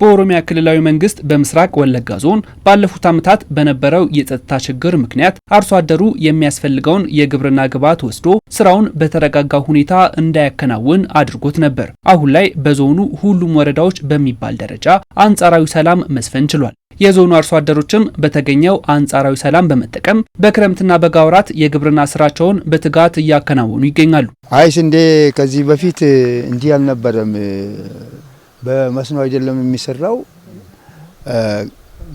በኦሮሚያ ክልላዊ መንግስት በምስራቅ ወለጋ ዞን ባለፉት ዓመታት በነበረው የጸጥታ ችግር ምክንያት አርሶ አደሩ የሚያስፈልገውን የግብርና ግብዓት ወስዶ ስራውን በተረጋጋ ሁኔታ እንዳያከናውን አድርጎት ነበር። አሁን ላይ በዞኑ ሁሉም ወረዳዎች በሚባል ደረጃ አንጻራዊ ሰላም መስፈን ችሏል። የዞኑ አርሶ አደሮችም በተገኘው አንጻራዊ ሰላም በመጠቀም በክረምትና በጋ ወራት የግብርና ስራቸውን በትጋት እያከናወኑ ይገኛሉ። አይ ስንዴ ከዚህ በፊት እንዲህ አልነበረም። በመስኖ አይደለም የሚሰራው፣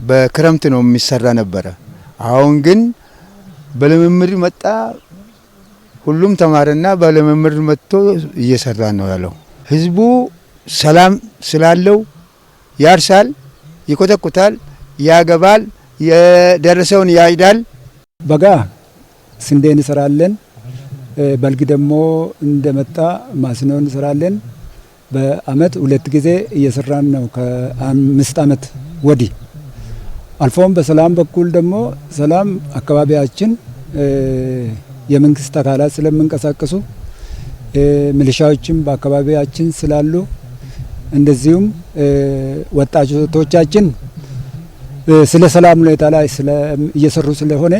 በክረምት ነው የሚሰራ ነበረ። አሁን ግን በልምምድ መጣ። ሁሉም ተማረና በልምምድ መጥቶ እየሰራ ነው ያለው። ህዝቡ ሰላም ስላለው ያርሳል፣ ይኮተኩታል፣ ያገባል፣ የደረሰውን ያይዳል። በጋ ስንዴ እንሰራለን። በልግ ደግሞ እንደመጣ ማስኖ እንሰራለን። በአመት ሁለት ጊዜ እየሰራን ነው ከአምስት አመት ወዲህ። አልፎም በሰላም በኩል ደግሞ ሰላም አካባቢያችን የመንግስት አካላት ስለምንቀሳቀሱ ሚሊሻዎችም በአካባቢያችን ስላሉ እንደዚሁም ወጣቶቻችን ስለ ሰላም ሁኔታ ላይ እየሰሩ ስለሆነ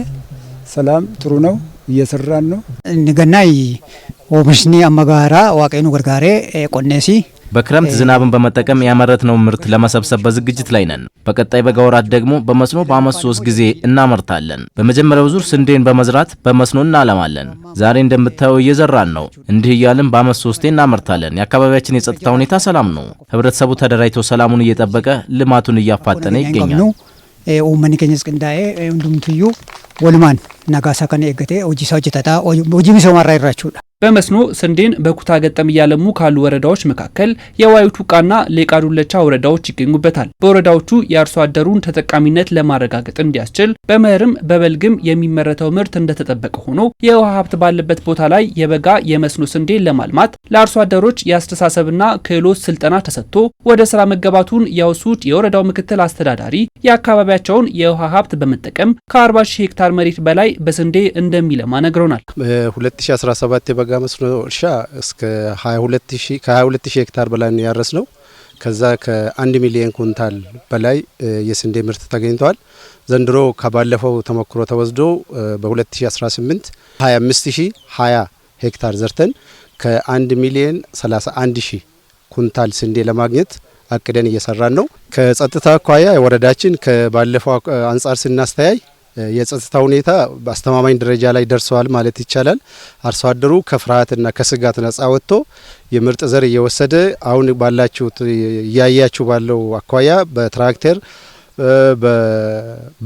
ሰላም ጥሩ ነው፣ እየሰራን ነው። ንገናይ ኦምishni amma ዋቀኑ waaqayኑ ገርጋሬ ቆኔሲ በክረምት ዝናብን በመጠቀም ያመረትነው ምርት ለመሰብሰብ በዝግጅት ላይ ነን። በቀጣይ በጋ ወራት ደግሞ በመስኖ በአመት ሶስት ጊዜ እናመርታለን። በመጀመሪያው ዙር ስንዴን በመዝራት በመስኖ እናለማለን። ዛሬ እንደምታየው እየዘራን ነው። እንዲህ እያልን በአመት ሶስቴ እናመርታለን። የአካባቢያችን የጸጥታ ሁኔታ ሰላም ነው። ህብረተሰቡ ተደራጅቶ ሰላሙን እየጠበቀ ልማቱን እያፋጠነ ይገኛል። ኡመኒ ኬኘስ ቅንዳኤ እንዱምትዩ ወልማን ነጋሳ ከነ ኤገቴ ሆጂሳ ሆጀተታ ሆጂ ሚሶማራ ይራችሁዳ በመስኖ ስንዴን በኩታ ገጠም እያለሙ ካሉ ወረዳዎች መካከል የዋዩ ቱቃና ሌቃ ዱለቻ ወረዳዎች ይገኙበታል። በወረዳዎቹ የአርሶ አደሩን ተጠቃሚነት ለማረጋገጥ እንዲያስችል በመኸርም በበልግም የሚመረተው ምርት እንደተጠበቀ ሆኖ የውሃ ሀብት ባለበት ቦታ ላይ የበጋ የመስኖ ስንዴን ለማልማት ለአርሶ አደሮች የአስተሳሰብና ክህሎት ስልጠና ተሰጥቶ ወደ ስራ መገባቱን ያወሱት የወረዳው ምክትል አስተዳዳሪ የአካባቢያቸውን የውሃ ሀብት በመጠቀም ከ40 ሺህ ሄክታር መሬት በላይ በስንዴ እንደሚለማ ነግረውናል። በ2017 የበጋ የበጋ መስኖ እርሻ እስከ 22000 ሄክታር በላይ ያረስ ነው። ከዛ ከአንድ ሚሊየን ሚሊዮን ኩንታል በላይ የስንዴ ምርት ተገኝተዋል። ዘንድሮ ከባለፈው ተሞክሮ ተወስዶ በ2018 25020 ሄክታር ዘርተን ከ1 ሚሊዮን 31 ሺህ ኩንታል ስንዴ ለማግኘት አቅደን እየሰራን ነው። ከጸጥታ አኳያ ወረዳችን ከባለፈው አንጻር ስናስተያይ የጸጥታ ሁኔታ በአስተማማኝ ደረጃ ላይ ደርሰዋል ማለት ይቻላል። አርሶ አደሩ ከፍርሃትና ከስጋት ነጻ ወጥቶ የምርጥ ዘር እየወሰደ አሁን ባላችሁት እያያችሁ ባለው አኳያ በትራክተር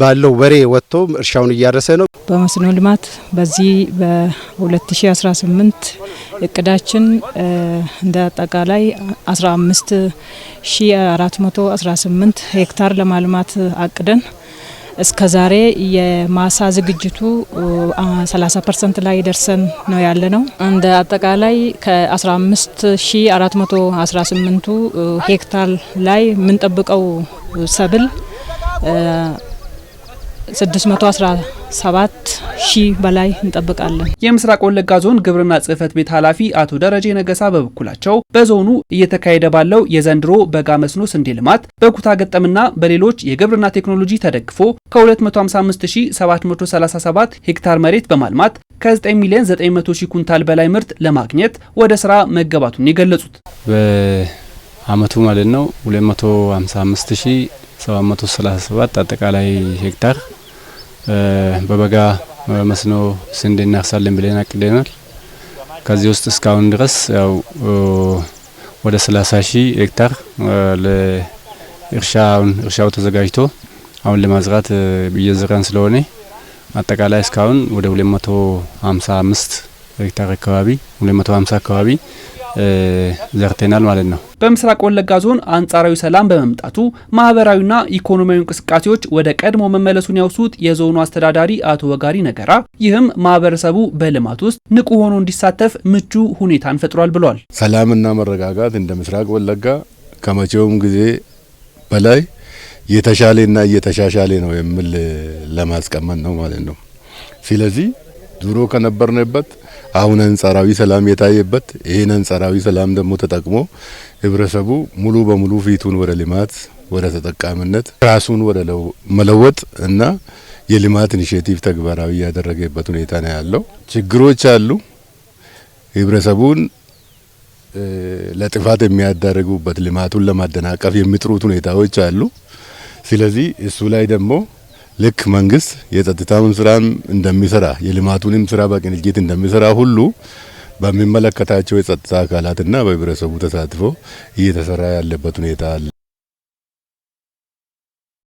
ባለው በሬ ወጥቶ እርሻውን እያረሰ ነው። በመስኖ ልማት በዚህ በ2018 እቅዳችን እንደ አጠቃላይ 15418 ሄክታር ለማልማት አቅደን እስከ ዛሬ የማሳ ዝግጅቱ 30 ፐርሰንት ላይ ደርሰን ነው ያለ ነው። እንደ አጠቃላይ ከ15418ቱ ሄክታር ላይ የምንጠብቀው ሰብል 617 ሺህ በላይ እንጠብቃለን። የምስራቅ ወለጋ ዞን ግብርና ጽህፈት ቤት ኃላፊ አቶ ደረጀ ነገሳ በበኩላቸው በዞኑ እየተካሄደ ባለው የዘንድሮ በጋ መስኖ ስንዴ ልማት በኩታ ገጠምና በሌሎች የግብርና ቴክኖሎጂ ተደግፎ ከ255737 ሄክታር መሬት በማልማት ከ9 ሚሊዮን 900 ሺህ ኩንታል በላይ ምርት ለማግኘት ወደ ስራ መገባቱን የገለጹት በአመቱ ማለት ነው 255737 አጠቃላይ ሄክታር በበጋ መስኖ ስንዴ እናርሳለን ብለን አቅደናል። ከዚህ ውስጥ እስካሁን ድረስ ያው ወደ 30 ሺህ ሄክታር ለእርሻውን እርሻው ተዘጋጅቶ አሁን ለማዝራት እየዘራን ስለሆነ አጠቃላይ እስካሁን ወደ 255 ሄክታር አካባቢ 250 አካባቢ ዘርተናል ማለት ነው። በምስራቅ ወለጋ ዞን አንጻራዊ ሰላም በመምጣቱ ማህበራዊና ኢኮኖሚያዊ እንቅስቃሴዎች ወደ ቀድሞ መመለሱን ያውሱት የዞኑ አስተዳዳሪ አቶ ወጋሪ ነገራ፣ ይህም ማህበረሰቡ በልማት ውስጥ ንቁ ሆኖ እንዲሳተፍ ምቹ ሁኔታን ፈጥሯል ብሏል። ሰላምና መረጋጋት እንደ ምስራቅ ወለጋ ከመቼውም ጊዜ በላይ የተሻለና እየተሻሻለ ነው የሚል ለማስቀመጥ ነው ማለት ነው። ስለዚህ ድሮ ከነበርንበት አሁን አንጻራዊ ሰላም የታየበት ይህን አንጻራዊ ሰላም ደግሞ ተጠቅሞ ህብረተሰቡ ሙሉ በሙሉ ፊቱን ወደ ልማት፣ ወደ ተጠቃሚነት ራሱን ወደ መለወጥ እና የልማት ኢኒሽቲቭ ተግባራዊ ያደረገበት ሁኔታ ነው ያለው። ችግሮች አሉ። ህብረተሰቡን ለጥፋት የሚያዳርጉበት ልማቱን ለማደናቀፍ የሚጥሩት ሁኔታዎች አሉ። ስለዚህ እሱ ላይ ደግሞ ልክ መንግስት የጸጥታውን ስራም እንደሚሰራ የልማቱንም ስራ በቅንጅት እንደሚሰራ ሁሉ በሚመለከታቸው የጸጥታ አካላትና በህብረተሰቡ ተሳትፎ እየተሰራ ያለበት ሁኔታ አለ።